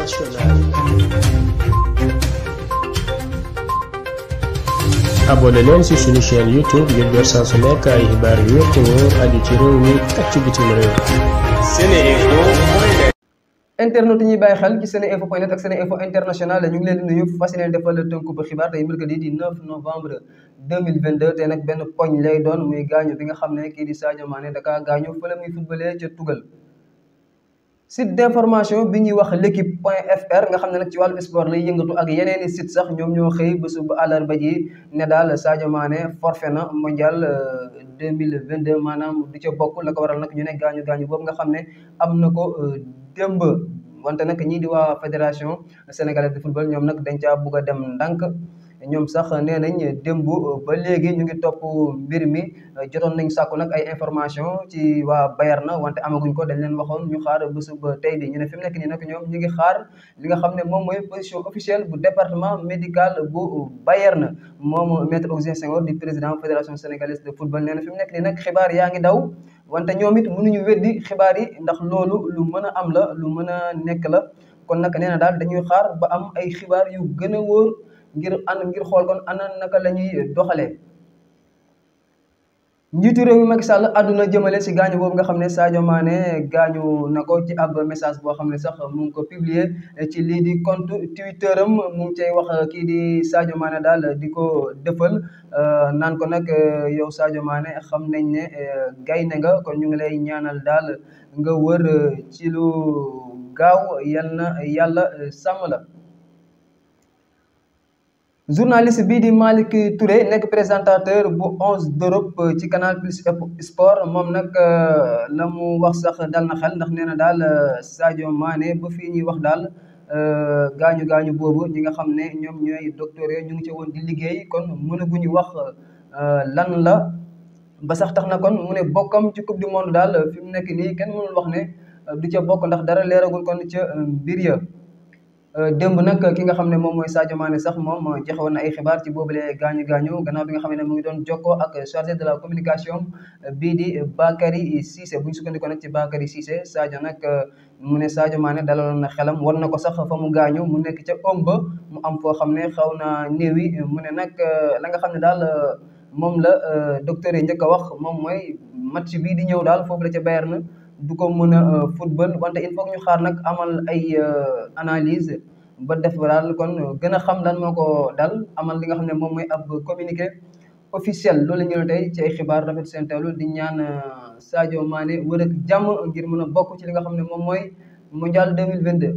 internationale. abonné leen ci suñu chaîne youtube ngir jot saa su nekk ay xibaar yu wér te wóor ci réew mi ak ci bitim réew. internet ñuy bàyyi xel ci sene info point ak sene info international ñu ngi leen di nuyu fas yéene defal tënku bu xibaar tey mercredi di 9 novembre 2022 te nag benn poñ lay doon muy gaañu bi nga xam ne kii di Sadio Mané da kaa gaañu fële muy footballé ca Tugal. site d'information bi ñuy wax l'équipe point fr nga xam ne nag ci wàllu sport lay yëngatu ak yeneen i site sax ñoom ñoo xëy bésu ba àllarba ji ne daal Sadio Mané forfait na mondial 2022 euh, maanaam du ca bokk la ko waral nag ñu ne gaañu gaañu boobu nga xam ne am na ko euh, démb wante nag ñii di waa fédération sénégalaise de football ñoom nag dañ caa bugg a dem ndànk ñoom sax nee nañ démb euh, ba léegi ñu ngi topp mbir mi euh, jotoon nañ sàkku nag ay information ci waa na wante amaguñ ko dañ leen waxoon ñu xaar bés ba tey bi ñu ne nekk nii nag ñoom ñu ngi xaar li nga xam ne moom mooy position officielle bu département médical bu Bayern moom maître Augustin Senghor di président fédération sénégalaise de football nee na fi mu nekk nii nag xibaar yaa ngi daw wante ñoom it mënuñu weddi xibaar yi ndax loolu lu mën a am la lu mën a nekk la kon nag nee daal dañuy xaar ba am ay xibaar yu gën a wóor ngir ànd ngir xool kon ana naka lañuy ñuy doxalee njiitu réew mi Macky Sall àdduna jëmale si gaañu boobu nga xam ne Sadio Mané gaañu na ci ab message boo xam ne sax mu ngi ko publier ci lii di compte Twitter am mu ngi cay wax kii di Sadio maane daal di ko dëfal euh, naan ko nag euh, yow saajo maane xam nañ ne euh, gaynde nga kon ñu ngi lay ñaanal daal nga wër ci lu gaaw yal na yàlla sàmm la. journaliste bii di Malick Touré nekk présentateur bu 11 d'Europe ci Canal Plus Sport moom nag euh, la mu wax sax dal na xel ndax nee na daal euh, Sadio Mané ba fii ñuy wax daal euh, gaañu gaañu boobu ñi nga xam ne ñoom ñooy docteur ñu ngi ci woon di liggéey kon mënaguñu wax lan la ba sax tax na kon mu ne bokkam ci coupe du monde daal fi mu nekk nii kenn mënul wax ne du ca bokk ndax dara leeragul kon ca mbir ya. Euh, démb nag ki nga xam ne moom mooy Sadio Mané sax moom euh, joxe woon na ay xibaar ci boobule gaañu gaañu gannaaw bi nga xam ne mu ngi doon jokkoo ak chargé de la communication euh, bii di Bakary Cissé bu ñu sukkandikoo nag ci Bakary Cissé Sadio nag mu ne Sadio Mané dalaloon na xelam war na ko sax fa mu gaañu mu nekk ca ëmb mu am foo xam ne xaw na néew yi mu ne nag la nga xam ne daal moom la docteur yi njëkk a wax moom mooy match bii di ñëw daal foofu la ca na du ko mën a euh, football wante il faut ñu xaar nag amal ay euh, analyse ba def daal kon gën a xam lan moo ko dal amal li nga xam ne moom mooy ab communiqué officiel loolu la ñu ne tey ci ay xibaar rafet seen alo di ñaan euh, Sadio Mané wër ak jàmm ngir mën a bokk ci li nga xam ne moom mooy mondial 2022